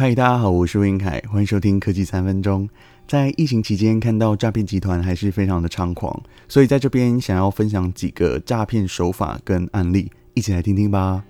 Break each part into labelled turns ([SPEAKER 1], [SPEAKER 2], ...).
[SPEAKER 1] 嗨，大家好，我是魏云凱，歡迎收聽科技三分鐘。在疫情期間，看到詐騙集團還是非常的猖狂，所以在這邊想要分享幾個詐騙手法跟案例，一起來聽聽吧。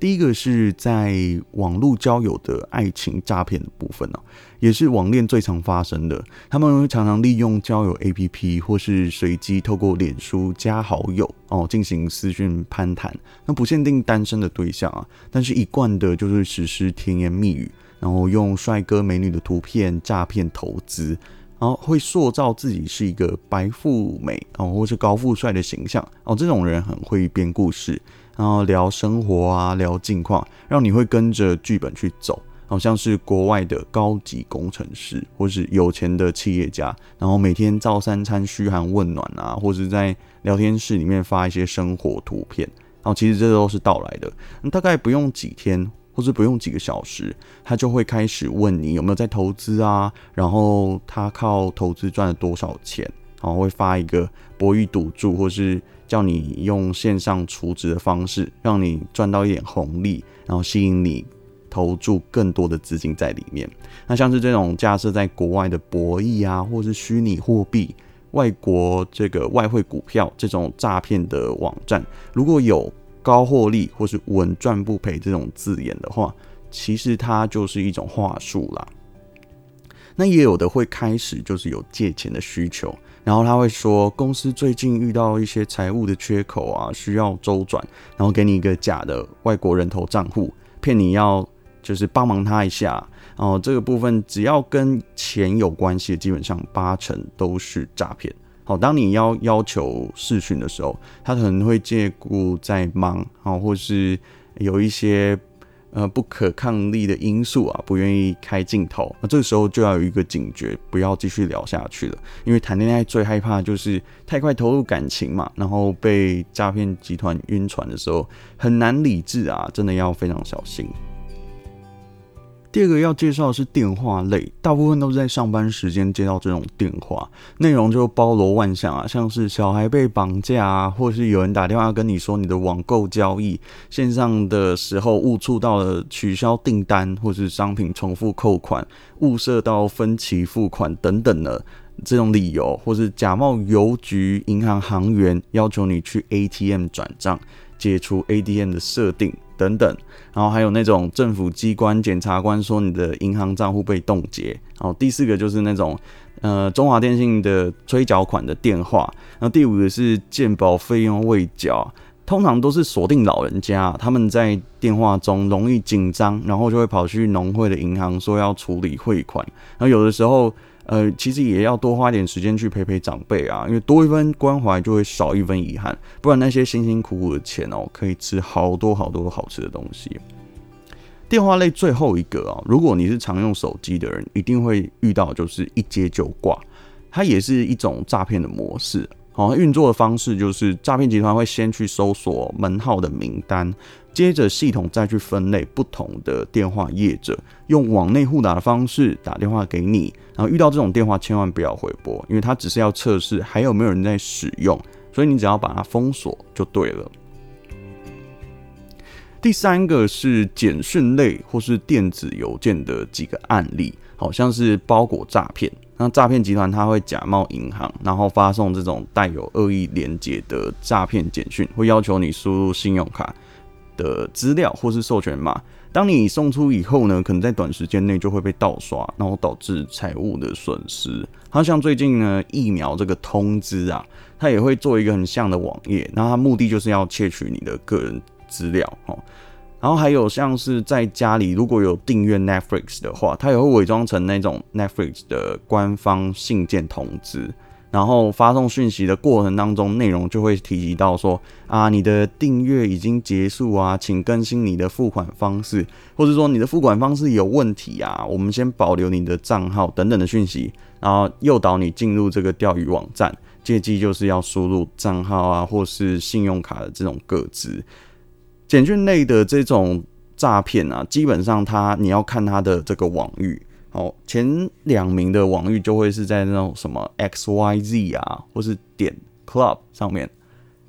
[SPEAKER 1] 第一個是在網絡交友的愛情詐騙的部分啊，也是網戀最常發生的。他們常常利用交友 APP 或是隨機透過臉書加好友哦，進行私訊攀談。那不限定單身的對象啊，但是一貫的就是實施甜言蜜語，然後用帥哥美女的圖片詐騙投資。然後會塑造自己是一個白富美哦，或是高富帥的形象哦。這種人很會編故事，然後聊生活啊，聊近況，讓你會跟着劇本去走。好、哦、像是國外的高級工程師，或是有錢的企業家，然後每天照三餐噓寒問暖啊，或是在聊天室裡面發一些生活圖片。然、哦、後其實這都是盜來的，嗯、大概不用幾天。或是不用幾個小時，他就會開始問你有沒有在投資啊，然後他靠投資賺了多少錢，然後會發一個博弈賭注，或是叫你用線上儲值的方式，讓你賺到一點紅利，然後吸引你投注更多的資金在裡面。那像是這種架設在國外的博弈啊，或是虛擬貨幣、外國這個外匯股票這種詐騙的網站，如果有。高獲利或是穩賺不賠這種字眼的話，其實它就是一種話術啦。那也有的會開始就是有借錢的需求，然後他會說公司最近遇到一些財務的缺口啊，需要週轉，然後給你一個假的外國人頭賬戶，騙你要就是幫忙他一下。哦，這個部分只要跟錢有關係，基本上八成都是詐騙。好，當你要要求視訊的時候，他可能會借故在忙啊，或是有一些呃不可抗力的因素啊，不願意開鏡頭。那這個時候就要有一個警覺，不要繼續聊下去了。因為談戀愛最害怕就是太快投入感情嘛，然後被詐騙集團暈船的時候很難理智啊，真的要非常小心。第二個要介紹的是電話類，大部分都是在上班時間接到這種電話，內容就包羅萬象啊，像是小孩被綁架啊，或是有人打電話跟你說你的網購交易線上的時候誤觸到了取消訂單，或是商品重複扣款，誤設到分期付款等等的這種理由，或是假冒郵局、銀行行員要求你去 ATM 轉賬。解除 ADN 的設定等等，然後還有那種政府機關、檢察官說你的銀行賬戶被凍結。然後第四個就是那種，呃，中華電信的催繳款的電話。然後第五個是健保費用未繳，通常都是鎖定老人家，他們在電話中容易緊張，然後就會跑去農會的銀行說要處理匯款。然後有的時候。呃，其實也要多花一點時間去陪陪長輩啊，因為多一分關懷就會少一分遺憾，不然那些辛辛苦苦的錢哦，可以吃好多好多好吃的東西。電話類最後一個啊，如果你是常用手機的人，一定會遇到，就是一接就掛，它也是一種詐騙的模式。好，哦，運作的方式就是，詐騙集團會先去搜索門號的名單，接着系統再去分類不同的電話業者，用網內互打的方式打電話給你。然後遇到這種電話，千萬不要回撥，因為它只是要測試還有沒有人在使用，所以你只要把它封鎖就對了。第三個是簡訊類或是電子郵件的幾個案例，好像是包裹詐騙。那詐騙集團他會假冒銀行，然後發送這種帶有惡意連結的詐騙簡訊，會要求你輸入信用卡的資料或是授權碼。當你送出以後呢，可能在短時間內就會被盜刷，然後導致財務的損失。好像最近呢，疫苗這個通知啊，它也會做一個很像的網頁，那它目的就是要竊取你的個人資料哦，然後還有像是在家裡如果有訂閱 Netflix 的話，它也會偽裝成那種 Netflix 的官方信件通知，然後發送訊息的過程當中，內容就會提及到說啊，你的訂閱已經結束啊，請更新你的付款方式，或者說你的付款方式有問題啊，我們先保留你的賬號等等的訊息，然後誘導你進入這個釣魚網站，借機就是要輸入賬號啊，或是信用卡的這種個資。簡訊類的這種詐騙啊，基本上它你要看它的這個網域，哦，前兩名的網域就會是在那種什麼 XYZ 啊，或是點 club 上面，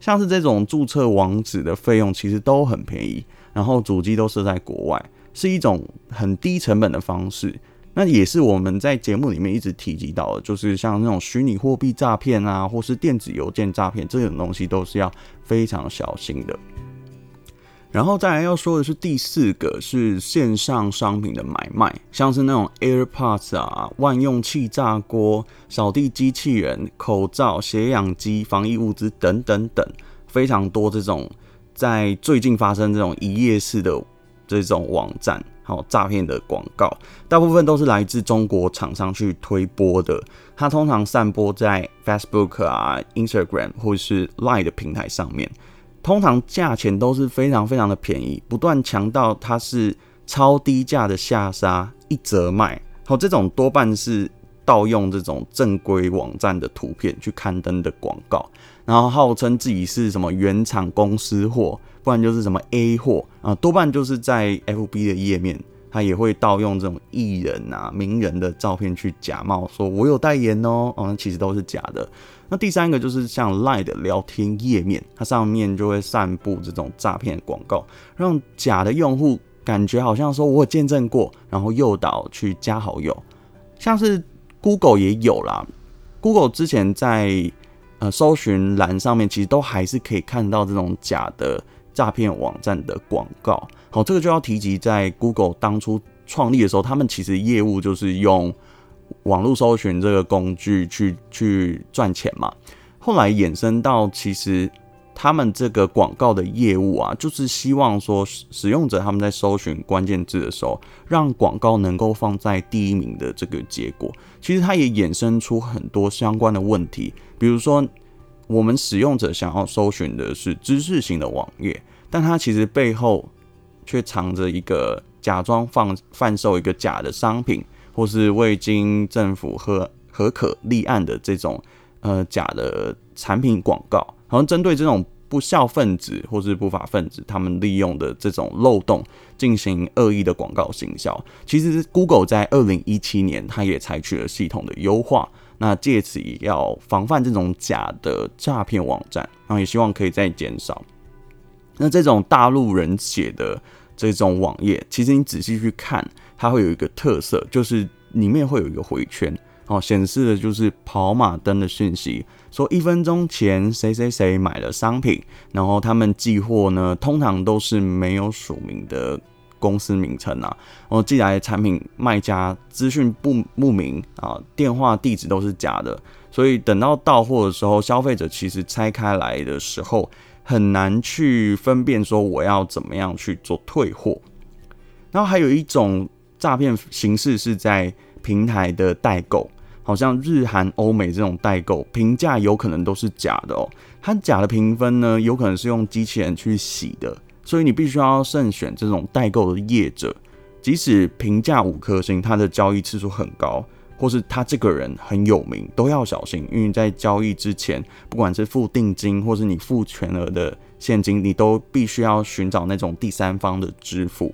[SPEAKER 1] 像是這種註冊網址的費用其實都很便宜，然後主機都設在國外，是一種很低成本的方式。那也是我們在節目裡面一直提及到的，就是像那種虛擬貨幣詐騙啊，或是電子郵件詐騙這種東西，都是要非常小心的。然後再來要說的是第四個是線上商品的買賣，像是那種 AirPods 啊、萬用氣炸鍋、掃地機器人、口罩、血氧機、防疫物資等等等，非常多這種在最近發生這種一頁式的這種網站，還有詐騙的廣告，大部分都是來自中國廠商去推播的，它通常散播在 Facebook 啊、Instagram 或是 Line 的平台上面。通常價錢都是非常非常的便宜，不斷強調它是超低價的下殺一折賣，好、哦，這種多半是盜用這種正規網站的圖片去刊登的廣告，然後號稱自己是什麼原廠公司貨，不然就是什麼 A 貨啊，多半就是在 FB 的頁面。他也會盜用這種藝人啊、名人的照片去假冒，說我有代言哦，嗯、哦，那其實都是假的。那第三個就是像 Line 的聊天頁面，它上面就會散布這種詐騙廣告，讓假的用戶感覺好像說我有見證過，然後誘導去加好友。像是 Google 也有啦，Google 之前在呃搜尋欄上面，其實都還是可以看到這種假的詐騙網站的廣告。好，這個就要提及，在 Google 當初創立的時候，他們其實業務就是用網絡搜尋這個工具去去賺錢嘛。後來衍生到其實他們這個廣告的業務啊，就是希望說使用者他們在搜尋關鍵字的時候，讓廣告能夠放在第一名的這個結果。其實它也衍生出很多相關的問題，比如說我們使用者想要搜尋的是知識型的網頁，但它其實背後，卻藏着一個假裝放販售一個假的商品，或是未經政府和核可立案的這種呃假的產品廣告，然後針對這種不肖分子或是不法分子，他們利用的這種漏洞進行惡意的廣告行銷。其實，Google 在二零一七年，它也採取了系統的優化，那借此也要防範這種假的詐騙網站，然後也希望可以再減少。那這種大陸人寫的這種網頁，其實你仔細去看，它會有一個特色，就是裡面會有一個迴圈，哦，顯示的就是跑馬燈的訊息，說一分鐘前誰誰誰買了商品，然後他們寄貨呢，通常都是沒有署名的公司名稱啊，哦，寄來的產品賣家資訊不不明啊，電話地址都是假的，所以等到到貨的時候，消費者其實拆開來的時候。很難去分辨說我要怎麼樣去做退貨，然後還有一種詐騙形式是在平台的代購，好像日韓歐美這種代購評價有可能都是假的哦，它假的評分呢有可能是用機器人去洗的，所以你必須要慎選這種代購的業者，即使評價五顆星，它的交易次數很高。或是他這個人很有名，都要小心。因為在交易之前，不管是付定金，或是你付全額的現金，你都必須要尋找那種第三方的支付。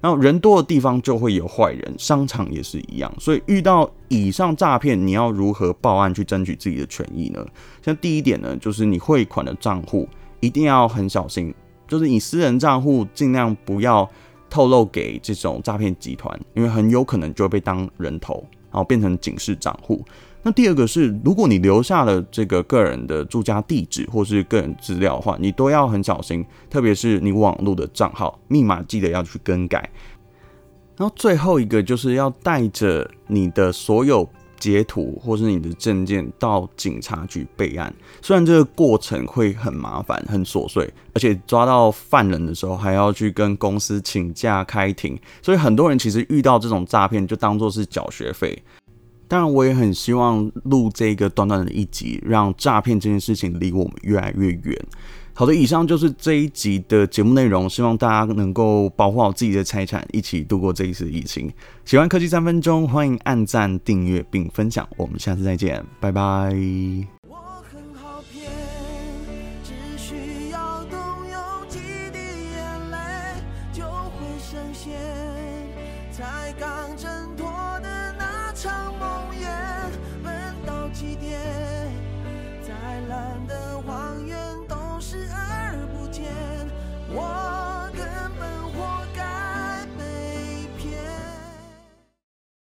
[SPEAKER 1] 然後人多的地方就會有壞人，商場也是一樣。所以遇到以上詐騙，你要如何報案去爭取自己的權益呢？像第一點呢，就是你匯款的賬戶一定要很小心，就是你私人賬戶儘量不要透露給這種詐騙集團，因為很有可能就會被當人頭。然後變成警示賬戶。那第二個是，如果你留下了這個個人的住家地址或是個人資料的話，你都要很小心，特別是你網絡的賬號密碼，記得要去更改。然後最後一個就是要帶着你的所有，截圖或是你的證件到警察局備案，雖然這個過程會很麻煩、很瑣碎，而且抓到犯人的時候還要去跟公司請假開庭，所以很多人其實遇到這種詐騙就當做是繳學費。當然，我也很希望錄這個短短的一集，讓詐騙這件事情離我們越來越遠。好的，以上就是這一集的節目內容，希望大家能夠保護好自己的財產，一起度過這一次疫情。喜歡科技三分鐘，歡迎按贊、訂閱並分享，我們下次再見，拜拜。